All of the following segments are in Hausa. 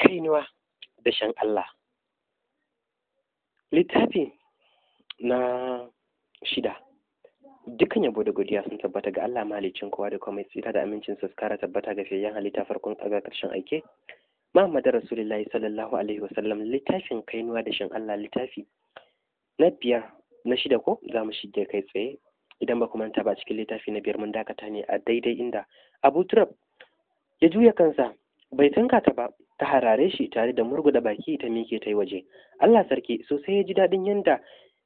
kainuwa da shan Allah. Littafi na shida dukkan yabo da godiya sun tabbata ga Allah malicin kowa da kuma tsira da amincin su tabbata ga fiyayyen halitta farkon tsaga karshen aike. Muhammad Rasulullahi sallallahu alaihi wasallam littafin kainuwa da shan Allah littafi na biyar na shida ko za mu shige kai tsaye idan ba kuma manta ba cikin littafi na biyar mun dakata ne a daidai inda Abu Turab ya juya kansa bai tunka ta ba ta harare shi tare da murguda baki ta miƙe ta yi waje Allah sarki sosai ya ji daɗin yanda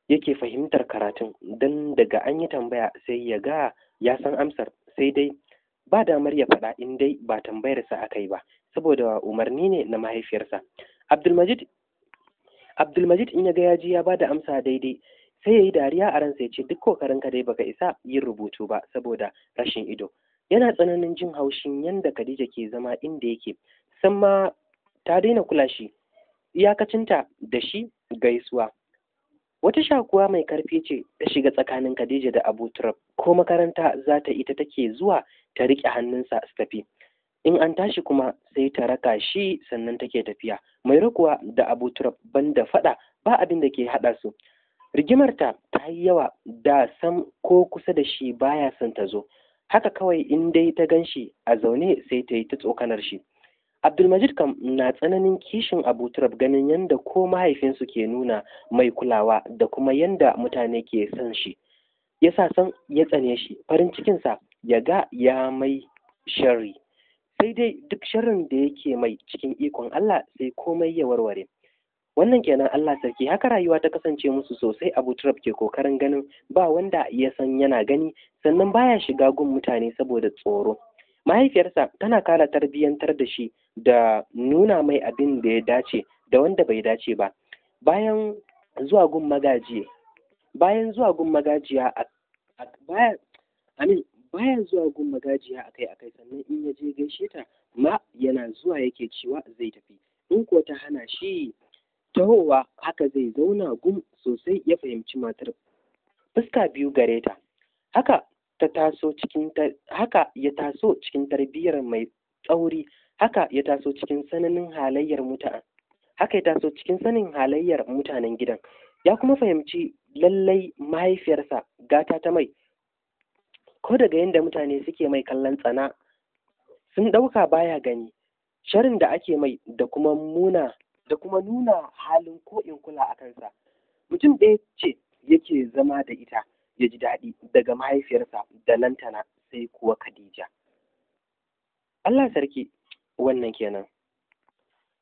yake fahimtar karatun don daga an yi tambaya sai ya ga ya san amsar sai dai ba damar ya faɗa in dai ba tambayarsa aka yi ba saboda umarni ne na mahaifiyarsa abdulmajid abdulmajid in ya ga yaji ya bada amsa daidai sai ya yi dariya a ransa ya ce duk kokarin ka dai baka isa yin rubutu ba saboda rashin ido yana tsananin jin haushin yadda Khadija ke zama inda yake san ma ta daina kula shi iyakacinta da shi gaisuwa wata shakuwa mai karfi ce ta shiga tsakanin Khadija da Abu Turab ko makaranta za ta ita take zuwa ta riƙe hannunsa su tafi in an tashi kuma sai ta raka shi sannan take tafiya mai rakuwa da Abu Turab banda faɗa ba abin da ke haɗa su rigimarta ta yi yawa da sam ko kusa da shi baya son ta zo haka kawai in dai ta gan shi a zaune sai ta yi ta tsokanar shi abdulmajid kam na tsananin kishin abu turab ganin yadda ko mahaifinsu ke nuna mai kulawa da kuma yadda mutane ke son shi ya sa san ya tsane shi farin cikinsa ya ga ya mai sharri sai dai duk sharrin da yake mai cikin ikon allah sai komai ya warware wannan kenan Allah sarki haka rayuwa ta kasance musu sosai Abu Turab ke kokarin ganin ba wanda ya san yana gani sannan baya shiga gun mutane saboda tsoro mahaifiyarsa tana kara tarbiyyantar da shi da nuna mai abin da ya dace da wanda bai dace ba bayan zuwa gun magaji bayan zuwa gun magajiya bayan bayan zuwa gun magajiya akai akai sannan in ya je gaishe ta ma yana zuwa yake cewa zai tafi in ko ta hana shi tahowa haka zai zauna gum sosai ya fahimci matar fuska biyu gare ta haka ta taso cikin haka ya taso cikin tarbiyyar mai tsauri haka ya taso cikin sananin halayyar mutane haka ya taso cikin sanin halayyar mutanen gidan ya kuma fahimci lallai mahaifiyarsa gata ta mai ko daga yadda mutane suke mai kallon tsana sun ɗauka baya gani sharin da ake mai da kuma muna da kuma nuna halin ko in kula a kansa mutum ɗaya ce yake zama da ita ya ji daɗi daga mahaifiyarsa da lantana sai kuwa Khadija. Allah sarki wannan kenan.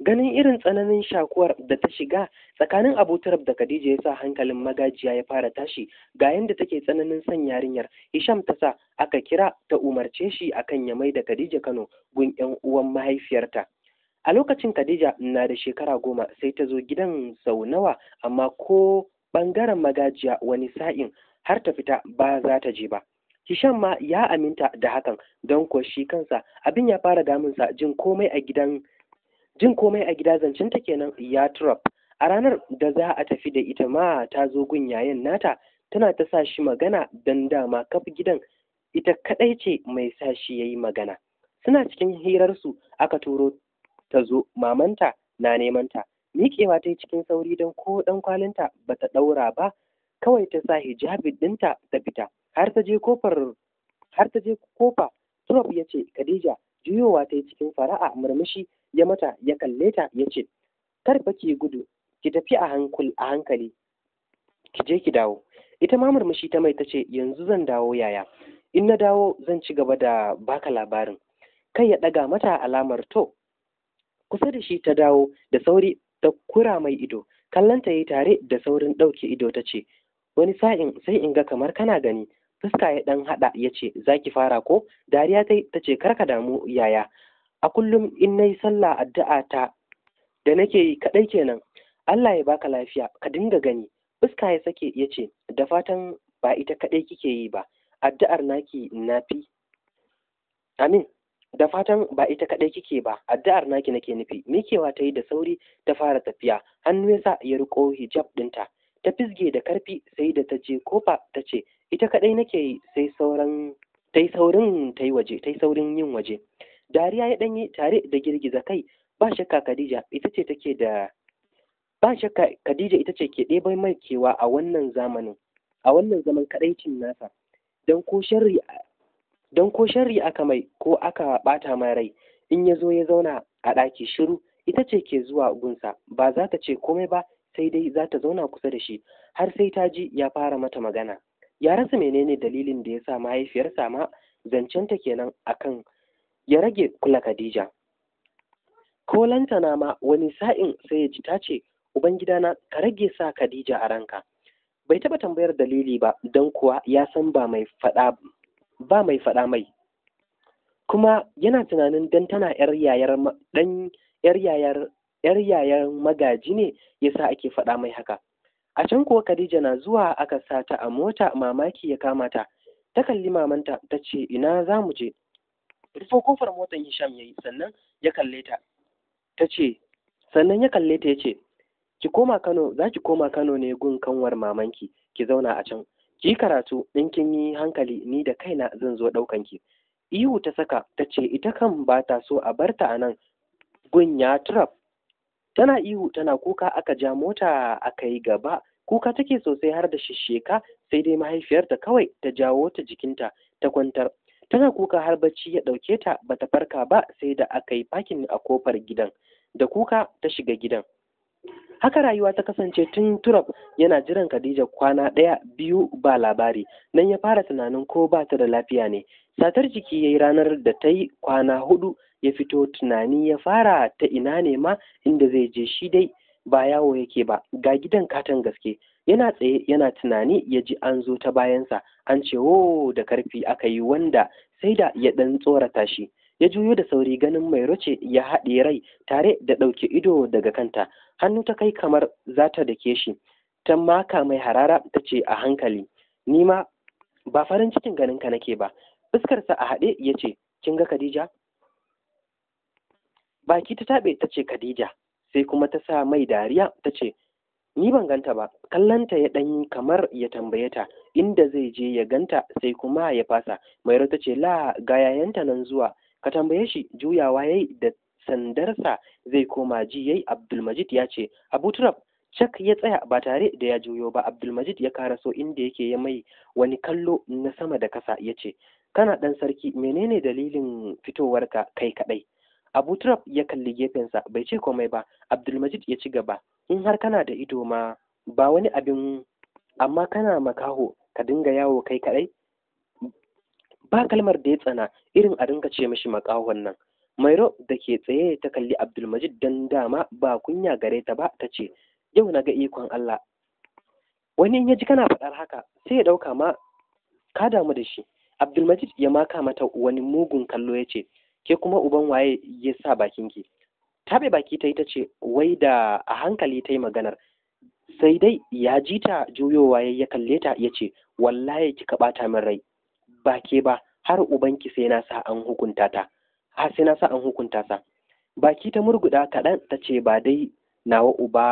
Ganin irin tsananin shakuwar da ta shiga tsakanin abotar da Khadija ya sa hankalin magajiya ya fara tashi ga yadda take tsananin son yarinyar Hisham ta sa aka kira ta umarce shi akan ya mai da Khadija Kano gun 'yan uwan mahaifiyarta. A lokacin Khadija na da shekara goma sai ta zo gidan sau nawa amma ko ɓangaren magajiya wani sa'in har ta fita ba za ta je ba. Hisham ma ya aminta da hakan don ko shi kansa abin ya fara damunsa jin komai a jin komai a gida zancen ta kenan ya turap. A ranar da za a tafi da ita ma ta zo gun yayin nata tana ta sa shi magana don dama kaf gidan ita kadai ce mai sa shi ya yi magana. Suna cikin hirarsu aka turo ta zo mamanta na neman ta miƙewa ta yi cikin sauri don ko ɗan kwalinta ba ta ɗaura ba kawai ta sa hijabi ɗinta ta fita har ta je kofar har ta je kofa Trump ya ce Khadija juyowa ta yi cikin fara'a murmushi ya mata ya kalle ta ya ce kar ba ki gudu ki tafi a a hankali ki je ki dawo ita ma murmushi ta mai ta ce yanzu zan dawo yaya in na dawo zan ci gaba da baka labarin kai ya ɗaga mata alamar to kusa da shi ta dawo da sauri ta kura mai ido kallon ta yi tare da saurin ɗauke ido ta ce wani sa'in sai in ga kamar kana gani fuska ya ɗan haɗa yace Zaki fara ko dariya ta ce karka damu yaya a kullum in na sallah addu'a ta da nake yi kaɗai kenan Allah ya baka lafiya ka dinga gani fuska ya sake ya da fatan ba ita kaɗai kike yi ba addu'ar naki nafi amin da fatan ba ita kadai kike ba addu'ar naki nake nufi mikewa ta yi da sauri ta fara tafiya hannu ya sa ya riko hijab dinta ta fisge da karfi sai da ta je kofa ta ce ita kadai nake yi sai sauran ta yi saurin ta yi waje ta yi saurin yin waje dariya ya danyi tare da girgiza kai ba shakka khadija ita ce take da ba shakka khadija ita ce ke ɗebai mai kewa a wannan zamanin a wannan zaman kadaicin nasa don ko sharri don ko sharri aka mai ko aka ɓata mai rai in ya zo ya zauna a ɗaki shiru ita ce ke zuwa gunsa ba za ta ce komai ba sai dai za ta zauna kusa da shi har sai ta ji ya fara mata magana ya rasa menene dalilin da ya sa mahaifiyarsa ma zancenta kenan akan ya rage kula Khadija ko lantana ma wani sa'in sai ya ji ta ce ubangidana ka rage sa Khadija a ranka bai taɓa tambayar dalili ba don kuwa ya san ba mai faɗa ba mai faɗa mai kuma yana tunanin dan tana yar yayar dan yar yayar yar yayar magaji ne yasa ake faɗa mai haka a can kuwa Khadija na zuwa aka sa ta a mota mamaki ya kama ta ta kalli mamanta ta ce ina za mu je rufe kofar motar Hisham yayi sannan ya kalle ta ta ce sannan ya kalle ta ya ce ki koma Kano za ki koma Kano ne gun kanwar mamanki ki zauna a can ki karatu in kin yi hankali ni da kaina zan zo ɗaukan ki ihu ta saka ta ce ita kan ba ta so a barta a nan gunya trap tana ihu tana kuka aka ja mota aka yi gaba kuka take sosai har da shisheka sai dai mahaifiyarta kawai ta jawo ta jikinta ta kwantar tana kuka har bacci ya ɗauke ta bata farka ba sai da aka yi fakin a kofar gidan da kuka ta shiga gidan Haka rayuwa ta kasance tun Turab yana jiran Khadija kwana ɗaya biyu ba labari, nan ya fara tunanin ko ba ta da lafiya ne. Satar jiki ya yi ranar da ta yi kwana hudu ya fito tunani ya fara ta ina ne ma inda zai je shi dai ba yawo yake ba ga gidan katon gaske yana tsaye yana tunani ya ji an zo ta bayansa an ce wo oh, da karfi aka yi wanda sai da ya ɗan tsorata shi ya juyo da sauri ganin mai roce ya haɗe rai tare da ɗauke ido daga kanta hannu ta kai kamar za ta dake shi ta maka mai harara ta ce a hankali ni ma ba farin cikin ganin ka nake ba fuskarsa a haɗe ya ce kin ga khadija baki ta taɓe ta ce khadija sai kuma ta sa mai dariya ta ce ni ban ganta ba kallanta ya ɗanyi kamar ya tambaye ta inda zai je ya ganta sai kuma ya fasa mairo ta ce la ga yayanta nan zuwa ka tambaye shi juyawa ya yi da sandarsa zai koma ji yayi abdulmajid ya ce abu turab ya tsaya ba tare da ya juyo ba Abdulmajid ya karaso inda yake ya mai wani kallo na sama da kasa ya ce kana ɗan sarki menene dalilin fitowarka kai kaɗai Abu Turab ya kalli gefensa bai ce komai ba Abdulmajid ya ci gaba in har kana da ido ma ba wani abin amma kana makaho ka dinga yawo kai kaɗai ba kalmar da ya tsana irin a dinga ce mishi makahon nan mairo da ke tsaye ta kalli abdulmajid dan dama ba kunya gare ta ba ta ce yau na ga ikon allah wani ya ji kana faɗar haka sai ya ɗauka ma ka damu da shi abdulmajid ya maka mata wani mugun kallo ya ce ke kuma uban waye ya sa ki? taɓe baki ta yi ta ce wai da a hankali ta yi maganar sai dai ya ji ta juyowa ya kalle ta ya ce wallahi kika ɓata min rai ba ke ba har ubanki sai na sa an hukunta ta har sai na sa an hukunta sa baki ta murguda kaɗan ta ce ba dai nawa uba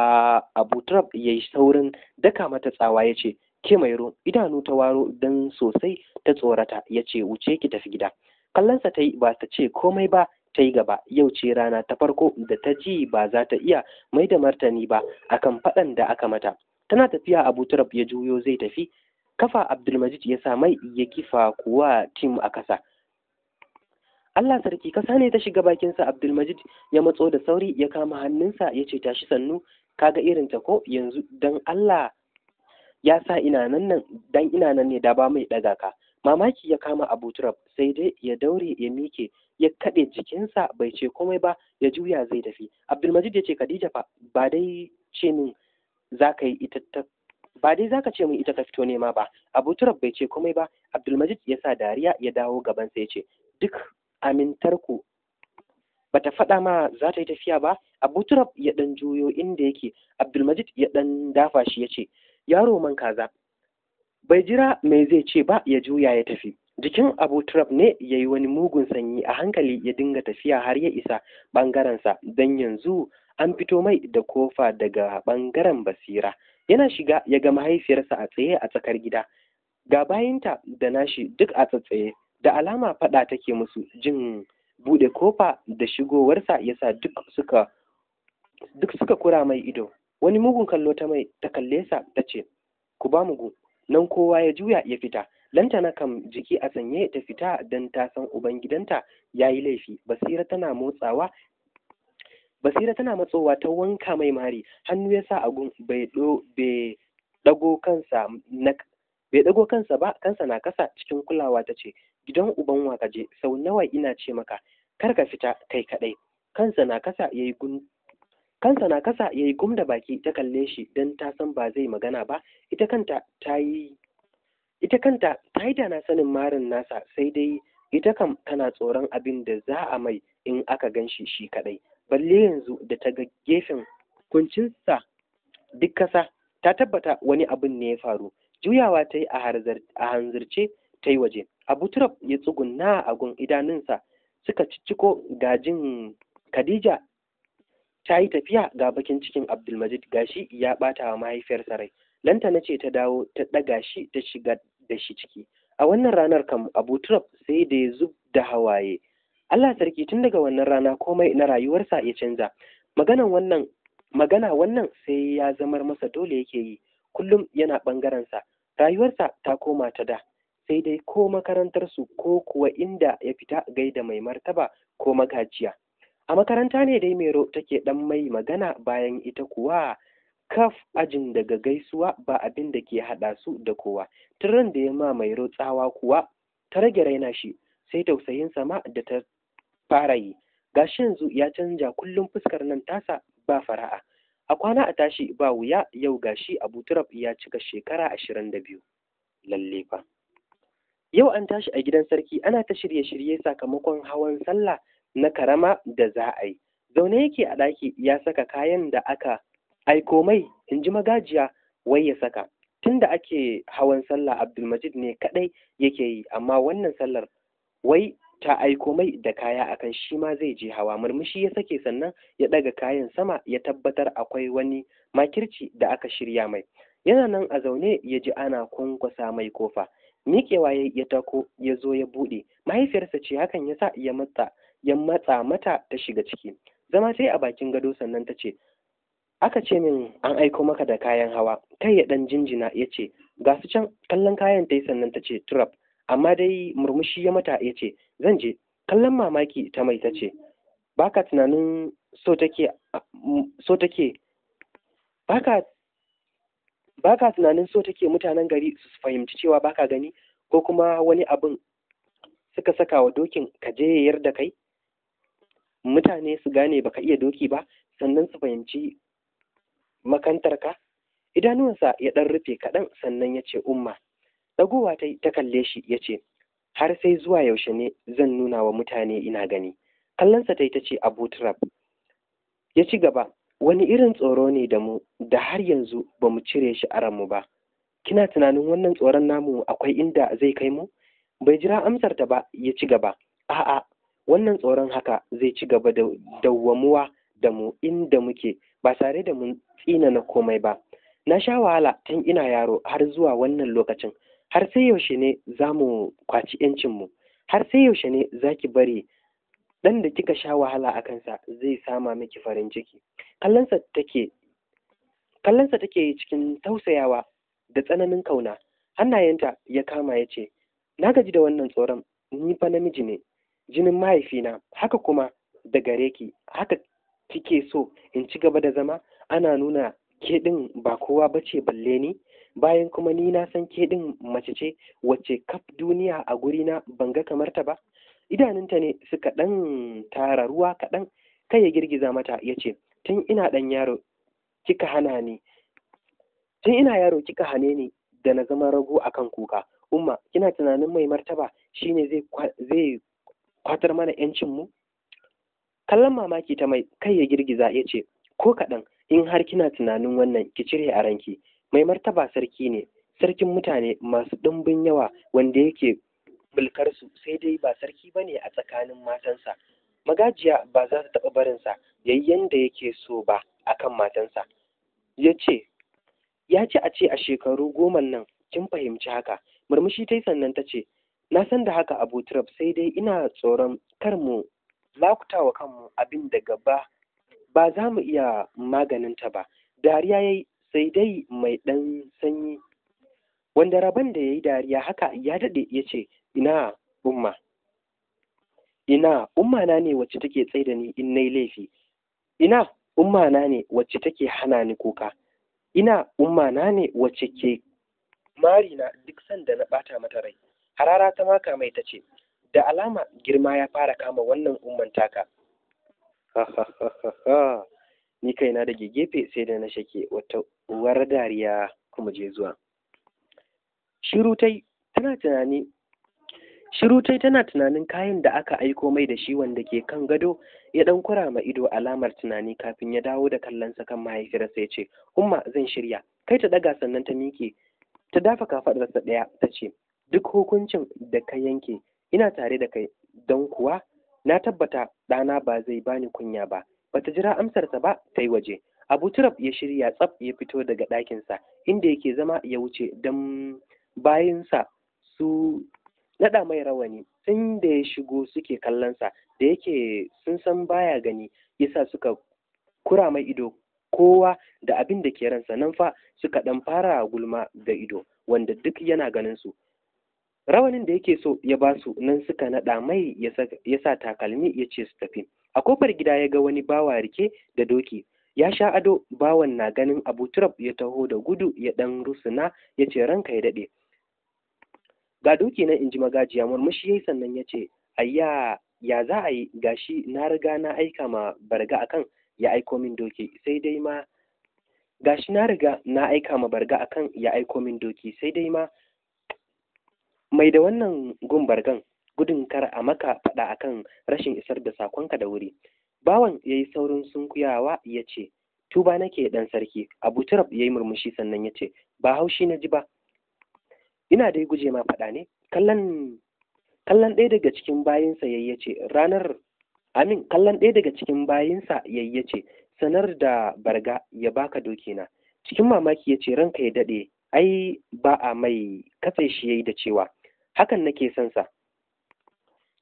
abu trump ya saurin daka mata tsawa ya ce ke mai ro idanu ta waro don sosai ta tsorata ya ce wuce ki tafi gida kallonsa ta yi ba ta ce komai ba ta yi gaba yau ce rana ta farko da ta ji ba za ta iya mai da martani ba akan faɗan da aka mata tana tafiya abu turab ya juyo zai tafi kafa Abdulmajid ya sa mai ya kifa kuwa tim a kasa Allah sarki kasa ne ta shiga bakinsa Abdulmajid ya matso da sauri ya kama hannunsa ya ce tashi sannu kaga irin ta ko yanzu dan Allah ya sa ina nan nan dan ina nan ne da ba mai daga ka mamaki ya kama Abu Turab sai dai ya daure ya mike ya kaɗe jikinsa bai ce komai ba ya juya zai tafi Abdulmajid ya ce Khadija fa ba dai ce min za ka yi ita ta ba dai zaka ce mun ita ka fito nema ba abu bai ce komai ba abdulmajid ya sa dariya ya dawo gaban sa ya ce duk amintarku bata faɗa ma za ta yi tafiya ba abu ya ɗan juyo inda yake abdulmajid ya ɗan dafa shi ya ce yaro man kaza bai jira mai zai ce ba ya juya ya tafi jikin abu turab ne ya yi wani mugun sanyi a hankali ya dinga tafiya har ya isa ɓangarensa don yanzu an fito mai da kofa daga ɓangaren basira yana shiga ya ga mahaifiyarsa a tsaye a tsakar gida ga bayinta da nashi duk a tsatsaye da alama faɗa take musu jin buɗe kofa da shigowarsa yasa duk suka duk suka kura mai ido wani mugun kallo ta mai ta kalle sa ta ce ku ba mugu nan kowa ya juya ya fita lantana kam jiki a sanye ta fita don ta san ubangidanta ya yi laifi basira tana motsawa basira tana matsowa ta wanka mai mari hannu ya sa agun bai dago kansa na bai dago kansa ba kansa na kasa cikin kulawa ta ce gidan uban waka je sau nawa ina ce maka kar ka fita kai kadai kansa na kasa yayi gun kansa na kasa yayi gum da baki ta kalle shi dan ta san ba zai magana ba ita kanta ta yi ita kanta ta yi dana sanin marin nasa sai dai ita kam tana tsoron abin da za a mai in aka gan shi shi kadai balle yanzu da ta ga gefen kuncinsa duk kasa ta tabbata wani abin ne ya faru juyawa ta yi a hanzarce ta yi waje abu turab ya tsugunna a idanunsa suka cicciko gajin khadija ta yi tafiya ga bakin cikin abdulmajid gashi ya bata wa mahaifiyarsa rai lantana ce ta dawo ta ɗaga shi ta shiga da shi ciki a wannan ranar kam abu turab sai da ya zub da hawaye Allah sarki tun daga wannan rana komai na rayuwarsa ya canza maganan wannan magana wannan sai ya zamar masa dole yake yi kullum yana ɓangarensa rayuwarsa ta koma ta da sai dai ko makarantarsu ko kuwa inda ya fita gaida mai martaba ko magajiya a makaranta ne dai mero take ɗan mai magana bayan ita kuwa kaf ajin daga gaisuwa ba abin da ke hada su da kowa tun da ya ma mai tsawa kuwa ta rage raina shi sai tausayin sama da ta fara yi gashi yanzu ya canja kullum fuskar nan tasa ba fara'a a kwana a tashi ba wuya yau gashi abu turab ya cika shekara ashirin da biyu lalle fa yau an tashi a gidan sarki ana ta shirye-shirye sakamakon hawan sallah na karama da za a yi zaune yake a ɗaki ya saka kayan da aka aiko mai in ji magajiya wai ya saka tun da ake hawan sallah abdulmajid ne kaɗai yake yi amma wannan sallar wai ta aiko mai da kaya akan shi ma zai je hawa murmushi ya sake sannan ya ɗaga kayan sama ya tabbatar akwai wani makirci da aka shirya mai yana nan a zaune ya ji ana kwankwasa mai kofa miƙewa ya ya tako ya zo ya buɗe mahaifiyarsa ce hakan ya sa ya matsa mata ta shiga ciki zama ta yi a bakin gado sannan ta ce aka ce min an aiko maka da kayan hawa kai ya ɗan jinjina ya ce Gasu can kallon kayan ta yi sannan ta ce turab amma dai murmushi ya mata ya ce zan je kallon mamaki ta mai ta ce baka tunanin so take so baka baka tunanin so take mutanen gari su fahimci cewa baka gani ko kuma wani abin suka saka wa dokin ka je da kai mutane su gane baka iya doki ba sannan su fahimci makantarka idanuwansa ya ɗan rufe kaɗan sannan ya ce umma Ɗagowa ta ta kalle shi ya ce, Har sai zuwa yaushe ne zan nuna wa mutane ina gani. Kallonsa ta yi ta ce Abu trap. Ya ci gaba, wani irin tsoro ne da mu da har yanzu ba mu cire shi a ranmu ba. Kina tunanin wannan tsoron namu akwai inda zai kai mu? Bai jira amsar ta ba ya ci gaba. A'a, wannan tsoron haka zai ci gaba da dawwamuwa da mu inda muke ba tare da mun tsinana komai ba. Na sha wahala tun ina yaro har zuwa wannan lokacin har sai yaushe ne za mu kwaci ‘yancinmu har sai yaushe ne za ki bari ɗan da kika sha wahala a kansa zai sama miki farin ciki kallonsa take cikin tausayawa da tsananin kauna hannayenta ya kama ya ce na gaji da wannan tsoron ni fa namiji ne jinin mahaifina haka kuma da gare ki haka kike so in ci gaba da zama ana nuna ke ɗin ba kowa bace balle ni bayan kuma ni na san ke din mace ce wacce kaf duniya a gurina ban ga kamar ta ba idanunta ne suka ɗan tara ruwa kaɗan kai ya girgiza mata ya ce tun ina ɗan yaro kika hana ni tun ina yaro kika hane ni da na zama rago akan kuka umma kina tunanin mai martaba shine zai zai kwatar mana yancin mu kallon mamaki ta mai kai ya girgiza ya ce ko kaɗan in har kina tunanin wannan ki cire a ranki mai martaba sarki ne sarkin mutane masu ɗumbin yawa wanda yake bulkarsu sai dai ba sarki ba ne a tsakanin matansa magajiya ba za ta taɓa barinsa ya yi yanda yake so ba akan matansa ya ce ya ce a ce a shekaru goma nan kin fahimci haka murmushi ta yi sannan ta ce na san da haka abu turab sai dai ina tsoron kar mu lakuta wa kanmu abin da gaba ba za mu iya maganin ta ba dariya ya yi sai dai mai ɗan sanyi wanda rabon da ya yi dariya haka ya daɗe ya ce ina umma ina umma na ne wacce take tsaye da ni in na laifi ina umma na ne wacce take hana ni kuka ina umma na ne wacce ke na duk sanda na ɓata mata rai harara ta maka mai ta ce da alama girma ya fara kama wannan umman taka ha ha ha ha ni kaina da gegefe gefe sai da na shake wata uwar dariya kuma je zuwa shiru tai tana tunanin kayan da aka aiko mai da shi wanda ke kan gado ya dan ma ido alamar tunani kafin ya dawo da kallonsa kan mahaifiyarsa ya ce umma zan shirya kai ta daga sannan ta miƙe ta dafa kafaɗarsa ɗaya ta ce duk hukuncin da ka yanke ina tare da kai don kuwa na tabbata ɗana ba zai bani kunya ba bata jira amsarsa ba ta yi waje abu turab ya shirya tsaf ya fito daga ɗakinsa inda yake zama ya wuce don bayansa su naɗa mai rawani sun da ya shigo suke kallonsa da yake sun san baya gani yasa suka kura mai ido kowa da abin da ke ransa nan fa suka ɗan fara gulma da ido wanda duk yana ganinsu. rawanin da yake so ya basu nan suka naɗa mai ya sa takalmi ya ce su tafi a kofar gida ya ga wani bawa rike da doki ya sha ado bawan na ganin abu turab ya taho da gudu ya dan rusuna ya ce ranka ya daɗe ga doki na inji magajiya murmushi yayi sannan ya ce ayya ya za a yi gashi na riga na aika ma barga akan ya aiko min doki sai dai ma gashi na riga na aika ma barga akan ya aiko min doki sai dai ma mai da wannan gun bargan gudun kar a maka faɗa akan rashin isar da sakonka da wuri bawan ya yi saurin sunkuyawa ya ce tuba nake ɗan sarki abu turab ya yi murmushi sannan yace. ba haushi na ji ba ina dai guje ma faɗa ne kallon kallon ɗaya daga cikin bayinsa ya ce ranar amin kallon ɗaya daga cikin bayinsa ya ce sanar da barga ya baka dokina cikin mamaki yace ranka ya daɗe ai ba a mai katse shi ya da cewa hakan nake son sa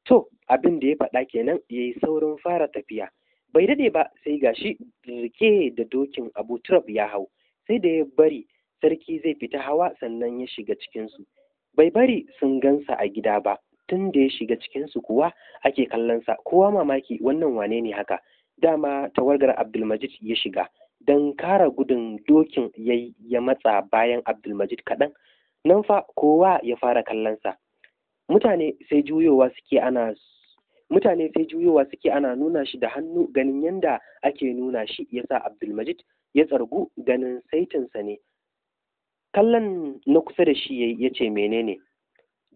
So abin da ya faɗa kenan ya yi saurin fara tafiya bai daɗe ba sai gashi rike da dokin abu turab ya hau sai da ya bari sarki zai fita hawa sannan ya shiga cikinsu bai bari sun gansa a gida ba tun da ya shiga cikinsu kuwa ake kallonsa kowa mamaki wannan wane ne haka dama tawargar abdulmajid ya shiga don kara gudun dokin ya matsa bayan abdulmajid kaɗan nan fa kowa ya fara kallonsa mutane sai juyowa suke ana mutane sai juyowa suke ana nuna shi da hannu ganin yanda ake nuna shi yasa abdulmajid ya tsargu ganin saitinsa ne kallon na kusa da shi ya ce menene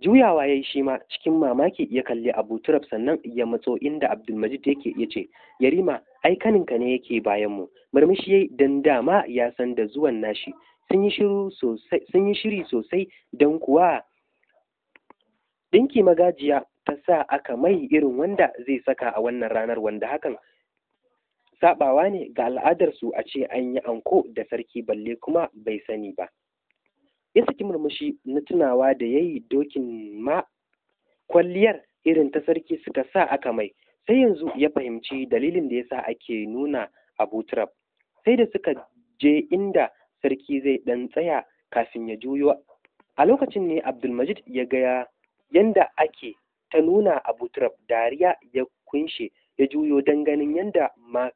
juyawa ya yi shi ma cikin mamaki ya kalli abu turab sannan ya matso inda abdulmajid yake yace. yarima ai kaninka ne yake bayan mu murmushi ya dan dama ya san da zuwan nashi sun yi shiri sosai don kuwa ɗinki magajiya ta sa aka mai irin wanda zai saka a wannan ranar wanda hakan Saɓawa ne ga al'adarsu a ce an yi anko da sarki balle kuma bai sani ba ya saki murmushi na tunawa da ya yi dokin ma kwalliyar irin ta sarki suka sa aka mai sai yanzu ya fahimci dalilin da ya sa ake nuna abu turab sai da suka je inda sarki zai ɗan tsaya kafin ya juyo a lokacin ne abdulmajid ya gaya yanda ake ta nuna a Turab dariya ya kunshe ya juyo don ganin yanda ma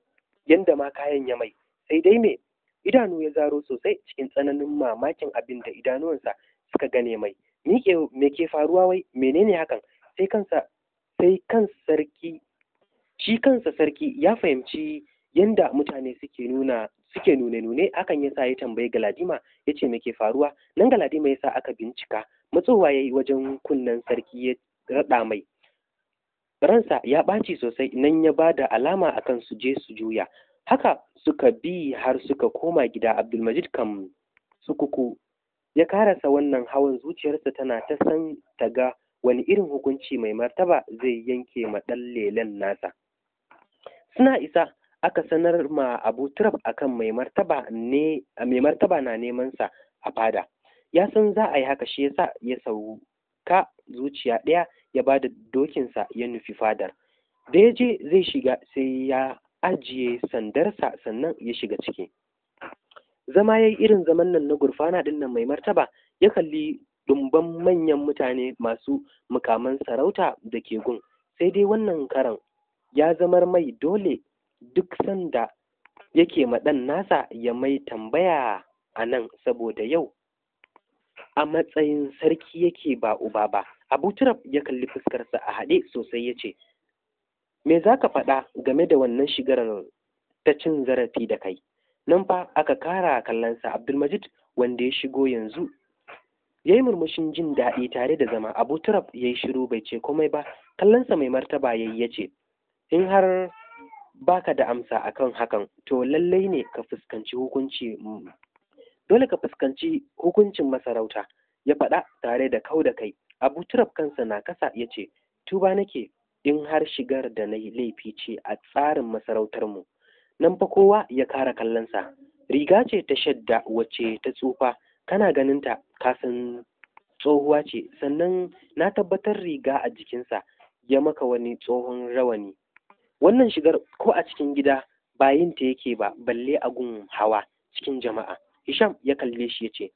yanda ma kayan ya mai sai dai me idanu ya zaro sosai cikin tsananin mamakin abin da idanuwansa suka gane mai miƙe me ke faruwa wai menene hakan sai kansa sai kan sarki shi kansa sarki ya fahimci yanda mutane suke nuna suke nune nune hakan yasa ya tambayi galadima ya ce me ke faruwa nan galadima yasa aka bincika matsowa ya yi wajen kunnen sarki ya raɗa mai ransa ya ɓaci sosai nan ya ba da alama akan su je su juya haka suka bi har suka koma gida abdulmajid kam sukuku ya karasa wannan hawan zuciyarsa tana ta san ta ga wani irin hukunci mai martaba zai yanke ma nasa suna isa aka sanar ma abu turab akan kan mai martaba na neman sa a fada ya san za a yi haka shi yasa ya sauka zuciya ɗaya ya ba da dokinsa ya nufi fadar da ya je zai shiga sai ya ajiye sandarsa sannan ya shiga ciki zama ya yi irin zaman nan na gurfana ɗin nan mai martaba ya kalli dumban manyan mutane masu mukaman sarauta da ke gun sai dai wannan karan ya zamar mai dole duk sanda yake maɗan nasa ya mai tambaya a nan saboda yau a matsayin sarki yake ba uba ba abu turab ya kalli fuskarsa a haɗe sosai ya ce me za ka faɗa game da wannan shigarar ta cin zarafi da kai nan fa aka kara kallonsa abdulmajid wanda ya shigo yanzu ya yi murmushin jin daɗi tare da zama abu turab ya yi shiru bai ce komai ba kallonsa mai martaba ya yi ya ce in har baka da amsa akan hakan to lallai ne ka fuskanci hukunci dole ka fuskanci hukuncin masarauta ya faɗa tare da kau da kai abu turab kansa na kasa ya ce tuba nake in har shigar da na laifi ce a tsarin masarautarmu nan fa kowa ya kara kallonsa riga ce ta shadda wacce ta tsufa kana ganinta kasan tsohuwa ce sannan na tabbatar riga a jikinsa ya maka wani tsohon rawani wannan shigar ko a cikin gida ba ta yake ba balle a gun hawa cikin jama'a Hisham ya kalle shi ya ce,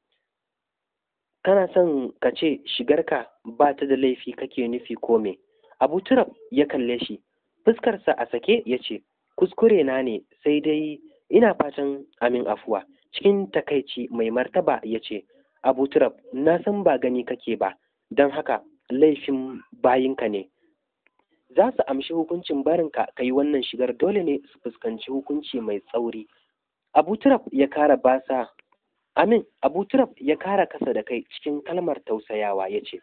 Kana son ka ce shigarka ba ta da laifi kake nufi ko me? Abu Turab ya kalle shi, fuskarsa a sake ya ce, Kuskure na ne sai dai ina fatan amin afuwa. Cikin takaici mai martaba ya ce, Abu Turab, na san ba gani kake ba, don haka laifin bayinka ne. Za su amshi hukuncin barinka ka yi wannan shigar dole ne su fuskanci hukunci mai tsauri. Abu Turab ya kara basa Amin Abu Turab ya kara kasa da kai cikin kalmar tausayawa ya ce,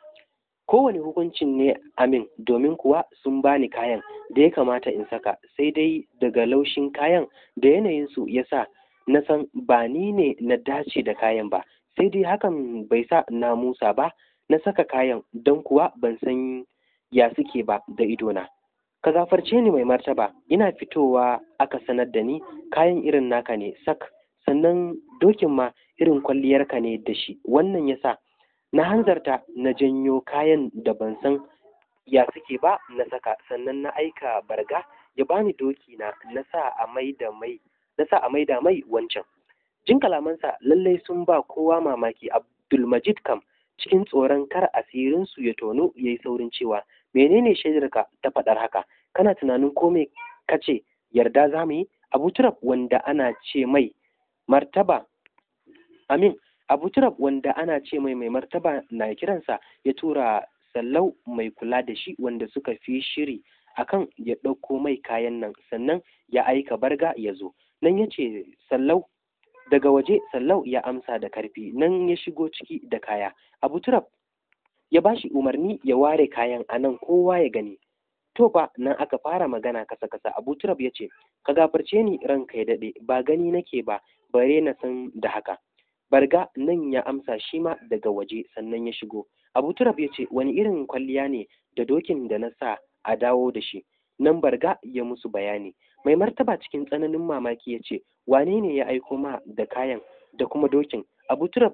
Kowane hukuncin ne Amin domin kuwa sun bani kayan da ya kamata in saka sai dai daga laushin kayan da yanayinsu ya sa na san ba ni ne na dace da kayan ba sai dai hakan bai sa na musa ba na saka kayan don kuwa ban san ya suke ba da idona. Ka gafarce ni mai martaba ina fitowa aka sanar da ni kayan irin naka ne sak sannan dokin ma irin kwalliyarka ne da shi wannan yasa na hanzarta na janyo kayan da ban san ya suke ba na saka sannan na aika barga ya bani doki na na sa a da mai na sa a da mai wancan jin kalamansa lallai sun ba kowa mamaki abdulmajid kam cikin tsoron kar asirin su ya tono ya yi saurin cewa menene shaidarka ta faɗar haka kana tunanin ko me kace yarda za mu yi abu wanda ana ce mai martaba amin abu turab wanda ana ce mai mai martaba na kiransa ya tura sallau mai kula da shi wanda suka fi shiri akan ya ɗauko mai kayan nan sannan ya aika barga ya zo nan ya ce sallau daga waje sallau ya amsa da karfi nan ya shigo ciki da kaya abu turab ya bashi umarni ya ware kayan a nan kowa ya gani to fa nan aka fara magana kasa kasa abu turab ya ce ka gafarce ni ranka ya daɗe ba gani nake ba bare na san da haka barga nan ya amsa shi ma daga waje sannan ya shigo abu turab ya ce wani irin kwalliya ne da dokin da na sa a dawo da shi nan barga ya musu bayani mai martaba cikin tsananin mamaki ya ce wane ne ya aiko ma da kayan da kuma dokin abu turab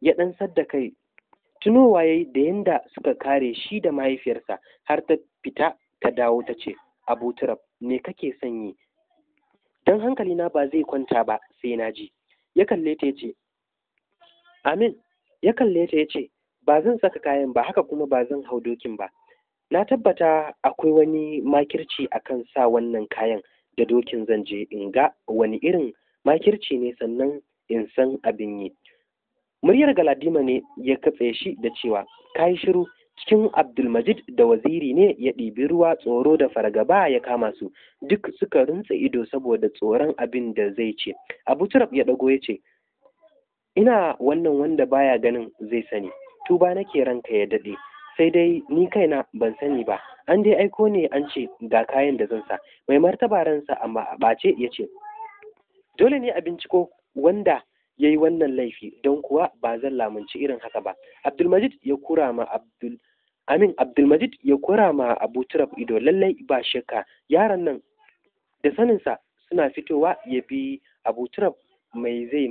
ya ɗan sadda kai tunowa ya yi da yanda suka kare shi da mahaifiyarsa har ta fita ta dawo ta ce abu turab ne kake sanyi don hankalina ba zai kwanta ba sai na ji ya kalle ta ce Amin ya kalle ta ya ce, Ba zan saka kayan ba, haka kuma ba zan hau dokin ba. Na tabbata akwai wani makirci akan sa wannan kayan da dokin zan je in ga wani irin makirci ne sannan in san abin yi. Muryar Galadima ne ya katse shi da cewa, Kayi shiru, cikin Abdulmajid da waziri ne ya ɗibi ruwa tsoro da fargaba ya kama su, duk suka runtse ido saboda tsoron abin da zai ce. Abu Turab ya ɗago ya ce, ina wannan wanda baya ganin zai sani tuba nake ranka ya dade, sai dai ni kaina ban sani ba an dai aiko ne an ce ga kayan da zan sa mai martaba ransa amma a ɓace ya ce dole ne a binciko wanda ya yi wannan laifi don kuwa ba zan lamunci irin haka ba abdulmajid ya kura ma abdul amin abdulmajid ya kura ma abu turab ido lallai ba shakka yaran nan da saninsa suna fitowa ya bi abu turab mai zai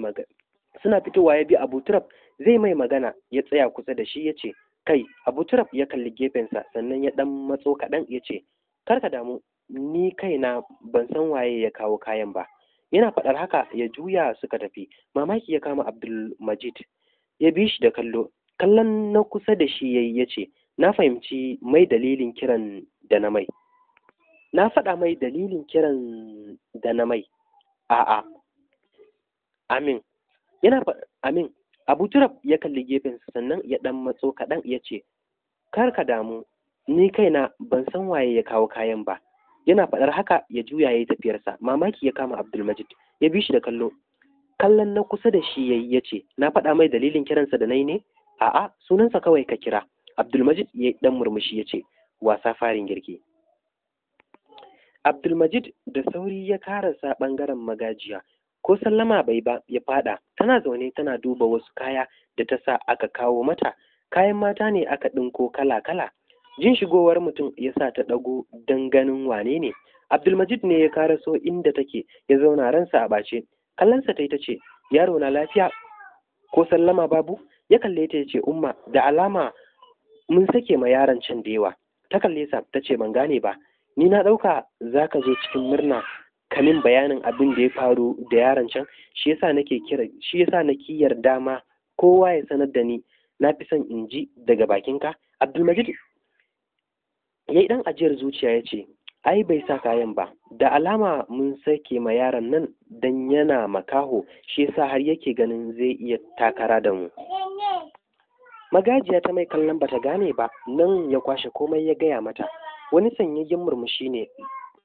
suna fitowa ya bi abu turab zai mai magana ya tsaya kusa da shi ya ce kai abu turab ya kalli gefensa sannan ya dan matso kaɗan ya ce kar ka damu ni kaina ban san waye ya kawo kayan ba yana faɗar haka ya juya suka tafi mamaki ya kama abdul majid ya bi shi da kallo kallon na kusa da shi yayi ya ce na fahimci mai dalilin kiran da na mai na faɗa mai dalilin kiran da na mai a'a amin yana amin abu turab ya kalli gefensa sannan ya dan matso kaɗan ya ce kar ka damu ni kaina ban san waye ya kawo kayan ba yana faɗar haka ya juya ya yi tafiyarsa mamaki ya kama abdulmajid ya bi shi da kallo kallon na kusa da shi ya yi ya ce na faɗa mai dalilin kiransa da nai ne a'a sunansa kawai ka kira abdulmajid ya yi ɗan murmushi ya ce wasa farin girki abdulmajid da sauri ya karasa ɓangaren magajiya ko sallama bai ba ya faɗa. tana zaune tana duba wasu kaya da ta sa aka kawo mata kayan mata ne aka ɗinko kala-kala jin shigowar mutum ya sa ta ɗago don ganin wane ne abdulmajid ne ya so inda take ya zauna ransa a bace. kallonsa ta yi ta ce yaro na lafiya ko sallama babu ya kalle ta ya ce umma da alama mun sake ma yaron can da yawa ta kalle sa ta ce ban gane ba ni na ɗauka za ka zo cikin murna kamin bayanin abin da ya faru da yaron can shi yasa nake kira shi yasa na yarda ma kowa ya sanar da ni na fi son in ji daga bakinka abdulmajid ya yi dan ajiyar zuciya ya ce ai bai sa kayan ba da alama mun sake ma yaron nan dan yana makaho shi yasa har yake ganin zai iya takara da mu magajiya ta mai kallon bata gane ba nan ya kwashe komai ya gaya mata wani sanyayyen murmushi ne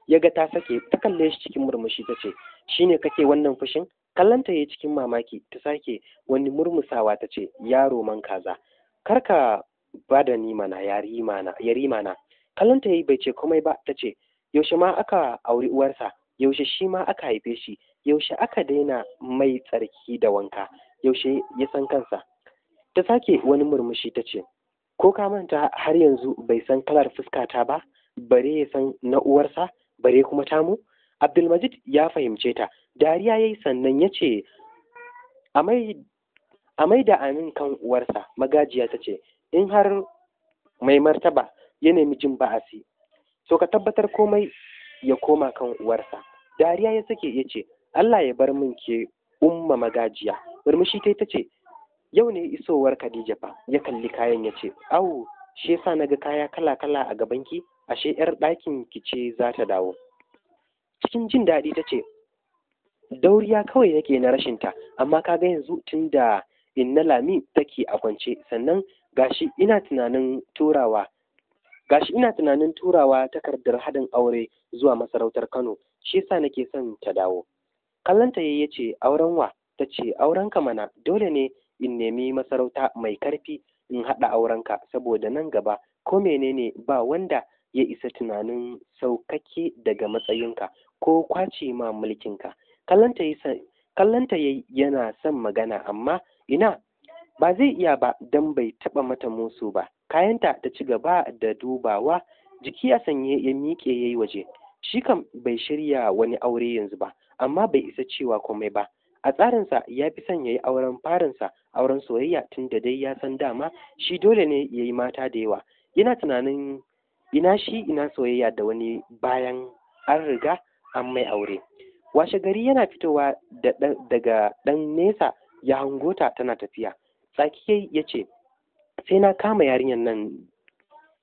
ya ga ta sake ta kalle shi cikin murmushi ta ce shine kake wannan fushin kallanta ya cikin mamaki ta sake wani murmusawa ta ce yaro man kaza kar ka ba da ni mana ya mana yari mana kallanta yayi bai ce komai ba ta ce yaushe ma aka auri uwarsa yaushe shi ma aka haife shi yaushe aka daina mai tsarki da wanka yaushe ya san kansa ta sake wani murmushi ta ce ko ka manta har yanzu bai san kalar fuskata ba bare ya san na uwarsa bare kuma tamu abdulmajid ya fahimce ta dariya ya yi sannan ya ce a mai da amin kan uwarsa magajiya ta ce in har mai martaba ya nemi jin ba'asi so ka tabbatar komai ya koma kan uwarsa dariya ya sake ya ce allah ya bar min ke umma magajiya murmushi ta ce yau ne isowar khadija fa ya kalli kayan ya ce au shi yasa naga kaya kala kala a gabanki ashe yar ɗakin ki ce za ta dawo cikin jin daɗi ta ce dauriya kawai yake na rashinta amma kaga yanzu tun da inna lami take a kwance sannan gashi ina tunanin turawa ina tunanin turawa takardar haɗin aure zuwa masarautar kano shi yasa nake son ta dawo kallanta ya ce auren wa ta ce aurenka mana dole ne in nemi masarauta mai karfi in haɗa aurenka saboda nan gaba ko menene ba wanda ya isa tunanin saukake daga matsayinka ko kwace ma mulkinka kallanta ya yana son magana amma ina ba zai iya ba don bai taɓa mata musu ba kayanta ta ci gaba da dubawa jiki ya sanye ya miƙe ya yi waje shi kam bai shirya wani aure yanzu ba amma bai isa cewa komai ba a tsarinsa ya fi son ya yi auren farinsa auren soyayya tunda dai ya san dama shi dole ne ya yi mata da yawa yana tunanin ina shi ina soyayya da wani bayan an riga an mai aure washe gari yana fitowa daga ɗan nesa ya hango ta tana tafiya tsaki ya ce sai na kama yarinyar nan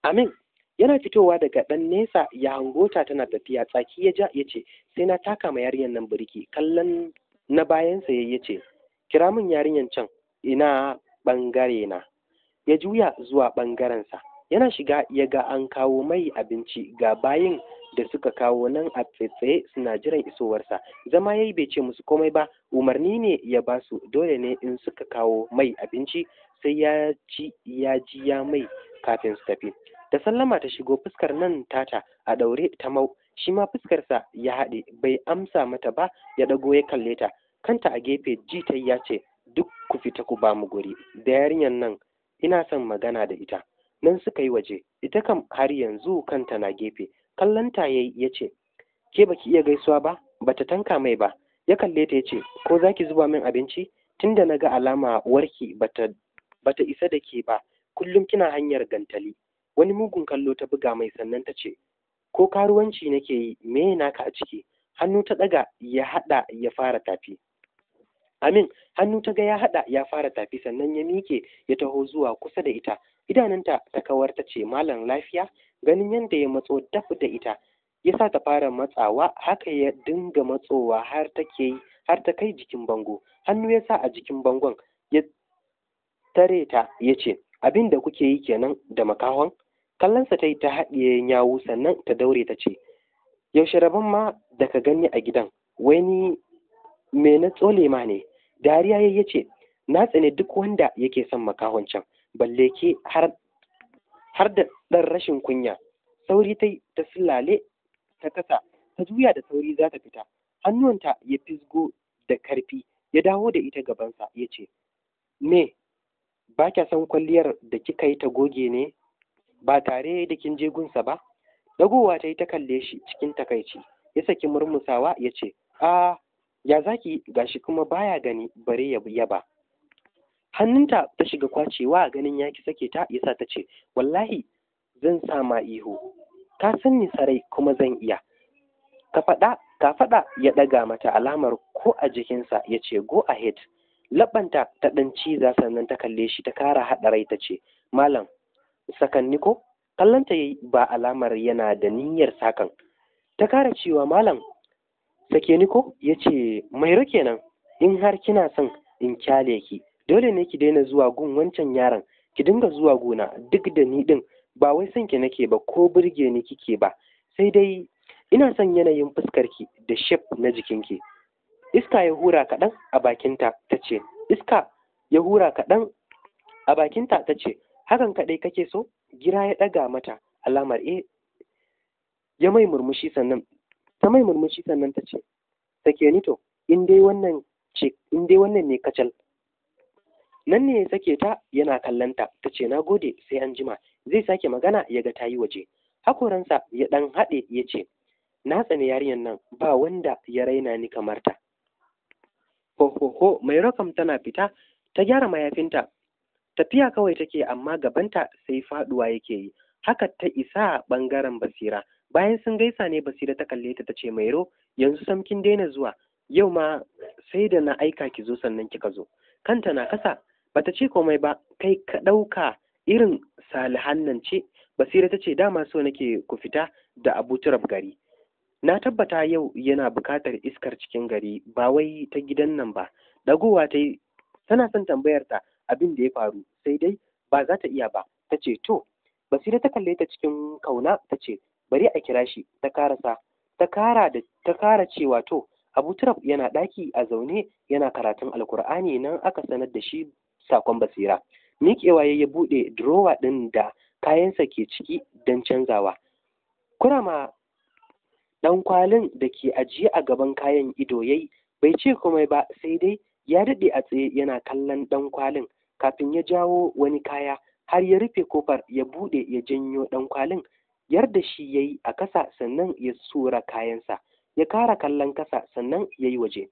amin yana fitowa daga ɗan nesa ya hango ta tana tafiya tsaki ya ja ya ce sai na taka ma yarinyar nan birki kallon na bayansa ya ce kira min yarinyar can ina ɓangare na ya juya zuwa ɓangarensa yana shiga ya ga an kawo mai abinci ga bayin da suka kawo nan a tsaye suna jiran isowarsa zama yayi bai ce musu komai ba umarni ne ya ba su dole ne in suka kawo mai abinci sai ya ci ya ji ya mai kafin su tafi da sallama ta shigo fuskar nan tata a daure ta mau shi ma fuskarsa ya haɗe bai amsa mata ba ya ɗago ya kalle ta kanta a gefe ji yi ya ce duk ku fita ku ba mu guri da yarinyar nan ina son magana da ita nan suka yi waje ita kam har yanzu kanta na gefe kallon ta yayi ya ce ke baki iya gaisuwa ba bata tanka mai ba ya kalle ta ya ce ko zaki zuba min abinci tunda na ga alama warki bata bata isa da ke ba kullum kina hanyar gantali wani mugun kallo ta buga mai sannan ta ce ko karuwanci nake yi me naka a ciki hannu ta ɗaga ya haɗa ya fara tafi amin hannu ta ga ya haɗa ya fara tafi sannan ya mike ya taho zuwa kusa da ita idanunta ta kawar ta ce malam lafiya ganin yadda ya matso dafu da ita ya sa ta fara matsawa haka ya dinga matsowa har har ta kai jikin bango hannu ya sa a jikin bangon ya tare ta ya ce abin da kuke yi kenan da makahon kallonsa ta yi ta haɗiye yawu sannan ta daure ta ce yaushe rabon ma da ka gani a gidan wai ni me na tsole ma ne dariya ya ce na tsane duk wanda yake son makahon can balle ke har har da ɗan rashin kunya sauri ta ta sulale ta kasa ta juya da sauri za ta fita hannuwanta ya fisgo da karfi ya dawo da ita gabansa ya ce me ba kya san kwalliyar da kika yi ta goge ne ba tare da kin je gunsa ba dagowa ta yi ta kalle shi cikin takaici ya saki murmusawa ya ce a ah, ya zaki gashi kuma baya gani bare ya ba hannunta ta shiga kwacewa ganin ya ki sake ta yasa ta ce wallahi zan sa ma ihu ka san ni sarai kuma zan iya ka faɗa ka faɗa ya ɗaga mata alamar ko a jikinsa ya ce go ahead labanta ta ɗan ciza sannan ta kalle shi ta kara haɗa rai ta ce malam sakanni ko ta yayi ba alamar yana da niyyar sakan ta kara cewa malam sake ni ko ya ce Mai mairo kenan in har kina son in kyale ki dole ne ki daina zuwa gun wancan yaron ki dinga zuwa gona duk da ni din ba wai son ki nake ba ko burge ni kike ba sai dai ina son yanayin fuskar ki da shef na jikinki iska ya hura kaɗan a bakinta ta ce iska ya hura kaɗan a bakinta ta ce hakan kaɗai kake so gira ya ɗaga mata alamar e ya mai murmushi sannan ta mai murmushi sannan ta ce ke ni to in dai wannan ce in dai wannan ne kacal nan ne ya sake ta yana kallanta ta ce na gode sai an jima zai sake magana ya ga ta yi waje hakoransa ya ɗan haɗe ya ce na tsani yarinyar nan ba wanda ya raina ni kamar ta ho ho ho mai rakam tana fita ta gyara mayafinta tafiya kawai take amma gabanta sai faɗuwa yake yi haka ta isa ɓangaren basira bayan sun gaisa ne basira ta kalle ta tace mairo yanzu sam kin daina zuwa yau ma sai da na aika ki zo sannan kika zo kanta na kasa bata ce komai ba kai ka ɗauka irin salihan nan ce basira ta ce dama so nake ku fita da abu turab gari na tabbata yau yana bukatar iskar cikin gari ba wai ta gidan nan ba dagowa ta yi tana son tambayar ta abin da ya faru sai dai ba za ta iya ba ta ce to basira ta kalle ta cikin kauna ta ce bari a kira shi ta karasa ta kara da ta kara cewa to Abu Turab yana daki a zaune yana karatun Alkur'ani nan aka sanar da shi sakon basira. Miƙewa ya ya buɗe durowa ɗin da kayansa ke ciki don canzawa. Kurama ɗan kwalin da ke ajiye a gaban kayan ido yayi bai ce komai ba sai dai ya daɗe a tsaye yana kallon ɗan kwalin kafin ya jawo wani kaya har ya rufe kofar ya buɗe ya janyo ɗan kwalin yarda shi ya yi a kasa sannan ya tsura kayansa ya kara kallon kasa sannan ya yi waje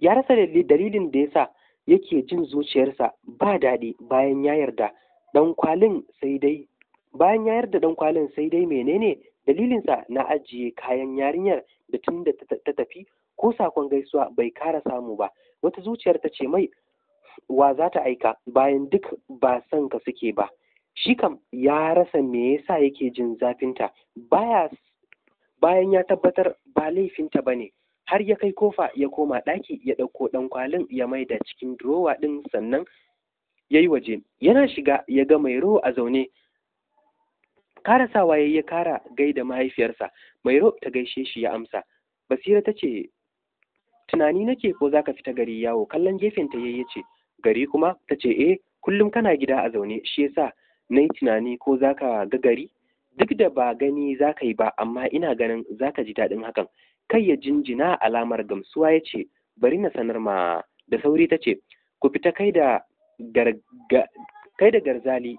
ya rasa dalilin da ya sa yake jin zuciyarsa ba daɗi bayan ya yarda dan kwalin sai dai bayan ya yarda dan kwalin sai dai menene dalilinsa na ajiye kayan yarinyar da tun ta tafi ko sakon gaisuwa bai kara samu ba wata zuciyar ta ce mai wa za ta aika bayan duk ba son ka suke ba shi kam ya rasa me yasa yake jin zafinta baya bayan ya tabbatar ba laifinta ba ne har ya kai kofa ya koma ɗaki ya ɗauko ɗan kwalin ya mai da cikin durowa ɗin sannan ya yi waje yana shiga ya ga mairo a zaune karasawa ya ya kara gaida mahaifiyarsa mairo ta gaishe shi ya amsa basira ta ce tunani nake ko zaka fita gari yawo kallon gefen ta yayye ce gari kuma ta ce eh kullum kana gida a zaune shi yasa na yi tunani ko za ka ga gari duk da ba gani za ka yi ba amma ina ganin za ka ji daɗin hakan kai ya jinjina alamar gamsuwa ya ce bari na sanar ma da sauri ta ce ku fita kai da garzali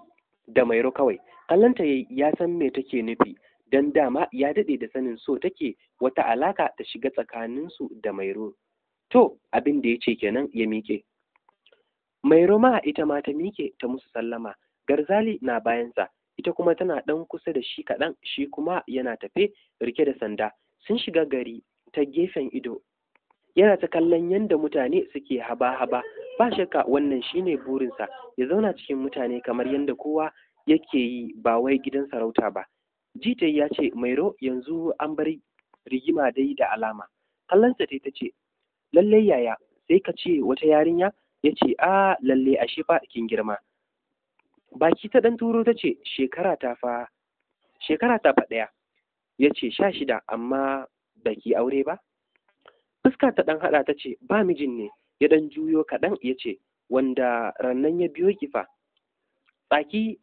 da mairo kawai kallanta ya san me take nufi don dama ya daɗe da sanin so take wata alaka ta shiga tsakaninsu da mairo to abin da ya ce kenan ya miƙe mairo ma ita ma ta miƙe ta musu sallama garzali na bayansa ita kuma tana ɗan kusa da shi kaɗan shi kuma yana tafe rike da sanda sun shiga gari ta gefen ido yana ta kallon yadda mutane suke haba-haba ba shakka wannan shine burinsa ya zauna cikin mutane kamar yadda kowa yake yi ba wai gidan sarauta ba jita ya ce mairo yanzu an bar rigima dai da alama kallonsa ta ce lallai yaya sai ka ce wata yarinya ya ce a ah, lallai ashe fa kin girma baki ta ɗan turo ta ce shekara ta fa shekara ta fa ɗaya ya ce sha shida amma baki aure ba fuska ta ɗan haɗa ta ce ba mijin ne ya ɗan juyo kaɗan ya ce wanda rannan ya biyo ki fa tsaki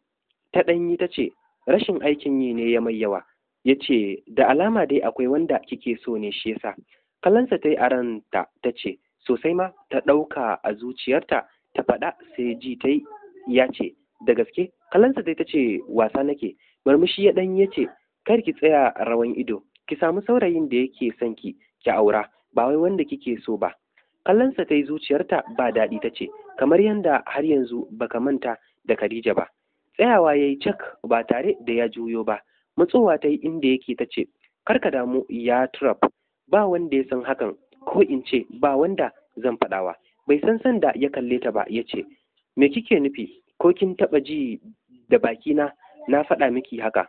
ta ɗan yi ta ce rashin aikin yi ne ya mai yawa ya ce da alama dai akwai wanda kike so ne shi yasa kallansa ta yi a ranta ta ce sosai ma ta ɗauka a zuciyarta ta faɗa sai ji ta yi ya ce da gaske kallonsa dai ta ce wasa nake murmushi ya ɗan ya ce kar ki tsaya rawan ido ki samu saurayin da yake son ki ki aura ba wai wanda kike so ba kallonsa ta yi zuciyarta ba daɗi ta ce kamar yadda har yanzu baka manta da Khadija ba tsayawa ya yi cak ba tare da ya juyo ba matsowa ta yi inda yake ta ce kar ka damu ya trap ba wanda ya san hakan ko in ce ba wanda zan faɗawa bai san sanda ya kalle ta ba yace. me kike nufi ko kin taɓa ji da bakina na faɗa miki haka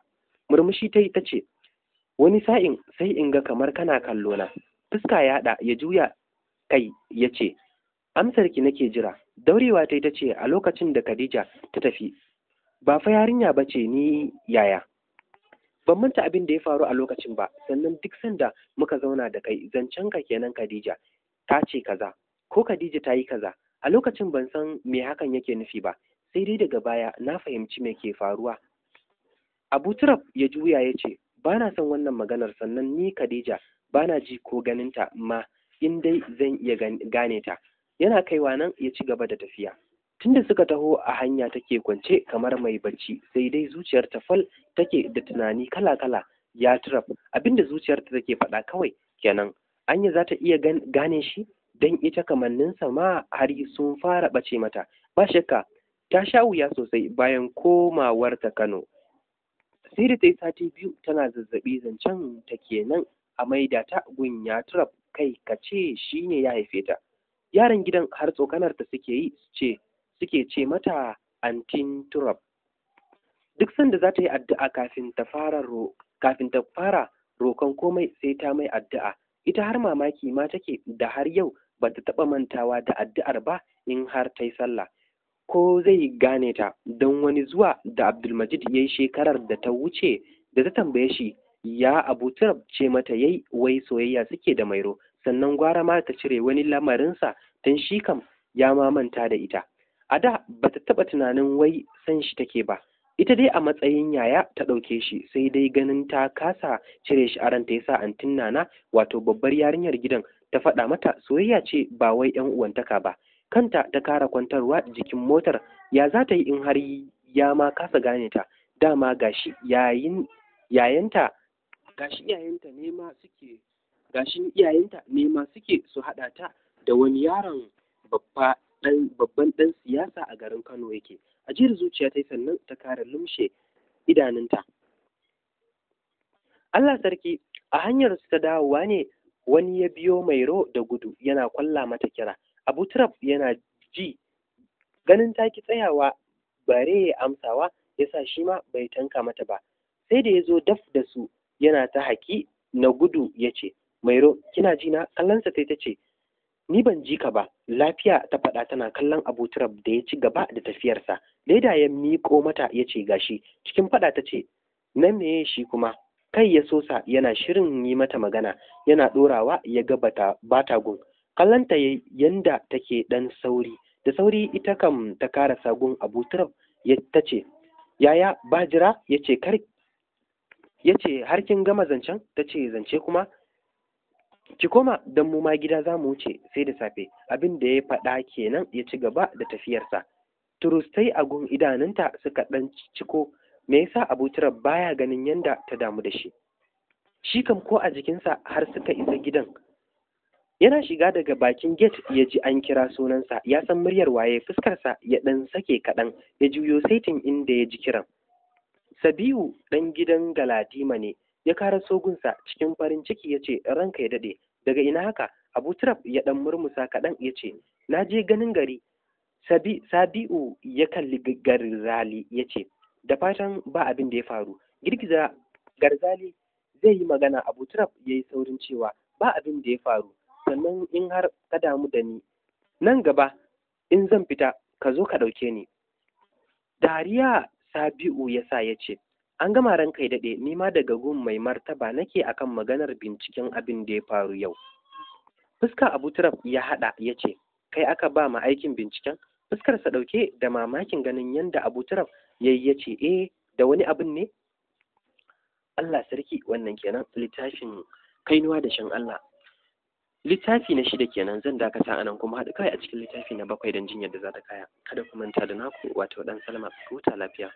murmushi ta yi ta ce wani sa'in sai in ga kamar kana kallo na fuska ya haɗa ya juya kai ya ce Amsar amsarki nake jira daurewa ta yi ta ce a lokacin da khadija ta tafi ba fa yarinya ba ce ni yaya ban manta abin da ya faru a lokacin ba sannan duk sanda muka zauna da kai zancen ka kenan khadija ta ce kaza ko khadija ta yi kaza a lokacin ban san me hakan yake nufi ba sai dai daga baya na fahimci me ke faruwa abu turab ya juya ya ce ba na son wannan maganar sannan ni khadija ba na ji ko ganinta ma in dai zan iya gane ta yana kaiwa nan ya ci gaba da tafiya tunda suka taho a hanya take kwance kamar mai bacci sai dai zuciyar ta fal take da tunani kala-kala ya turab abinda zuciyarta take faɗa kawai kenan anya za ta iya gane shi don ita kamanninsa ma har sun fara ɓace mata ba shakka ta sha wuya sosai bayan komawarta Kano. Siri ta yi sati biyu tana zazzaɓi zancen ta kenan a maida ta gunya turab kai ka ce shi ne ya haife ta. Yaran gidan har tsokanar ta suke yi ce suke ce mata antin turab. Duk sanda za ta yi addu'a kafin ta fara kafin ta fara rokon komai sai ta mai addu'a. Ita har mamaki ma take da har yau ba ta taɓa mantawa da addu'ar ba in har ta yi sallah. ko zai gane ta don wani zuwa da Abdulmajid ya yi shekarar da ta wuce da ta tambaye shi ya abu turab ce mata yayi wai soyayya suke da mairo sannan gwara ma ta cire wani lamarinsa don shi kam ya mamanta da ita a da ba ta taɓa tunanin wai san shi take ba ita dai a matsayin yaya ta ɗauke shi sai dai ganin ta kasa cire shi a ranta yasa antin nana wato babbar yarinyar gidan ta faɗa mata soyayya ce ba wai 'yan uwantaka ba kanta da kara kwantarwa jikin motar ya za ta yi in har ya ma kasa gane ta dama gashi yayin yayanta gashi iyayenta ne ma suke gashi iyayenta ne ma suke su haɗa ta da wani yaron babba babban ɗan siyasa a garin Kano yake ajiyar zuciya ta yi sannan ta kara lumshe idanunta Allah sarki a hanyar su ta dawowa ne wani ya biyo mairo da gudu yana kwalla mata kira abu turab yana ji ganin ta ki tsayawa bare ya amsawa ya sa shi ma bai tanka mata ba sai da ya zo daf da su yana ta haki na gudu ya ce mairo kina ji na kallonsa sai ta ce ni ban ji ka ba lafiya ta faɗa tana kallon abu turab da ya ci gaba da tafiyarsa leda ya miƙo mata ya ce gashi cikin faɗa ta ce na meye shi kuma kai ya sosa yana shirin yi mata magana yana ɗorawa ya ga bata gun kallanta yayi yanda take dan sauri da sauri ita kam ta kara sagun abu turab ya tace yaya bajira yace kar yace har kin gama zancen tace zance kuma ki koma dan mu ma gida za mu wuce sai da safe abin da ya faɗa kenan ya ci gaba da tafiyarsa turustai agun idanunta suka ɗan ciko me yasa abutura baya ganin yanda ta damu da shi shi kam ko a jikinsa har suka isa gidan yana shiga daga bakin gate ya ji an kira sunansa ya san muryar waye fuskarsa ya ɗan sake kaɗan ya juyo saitin inda ya ji kiran sabiu ɗan gidan galadima ne ya kara sogunsa cikin farin ciki ya ce ranka ya daɗe daga ina haka abu trap ya ɗan murmusa kaɗan ya ce na je ganin gari Sabi, sabiu ya kalli garzali ya ce da fatan ba abin da ya faru girgiza garzali zai yi magana abu trap ya yi saurin cewa ba abin da ya faru sannan in har ka damu da ni nan gaba in zan fita ka zo ka ɗauke ni dariya sabi'u ya sa ya ce an gama ran kai daɗe ni ma daga gun mai martaba nake akan maganar binciken abin da ya faru yau fuska abu ya haɗa ya ce kai aka ba ma aikin binciken fuskarsa ɗauke da mamakin ganin yadda abu ya yi ya ce eh da wani abin ne Allah sarki wannan kenan littafin kainuwa da shan Allah littafi na shida kenan zan dakata a nan kuma haɗu kawai a cikin littafi na bakwai don jinyar da za ta kaya kada ku manta da naku wato dan salma ku huta lafiya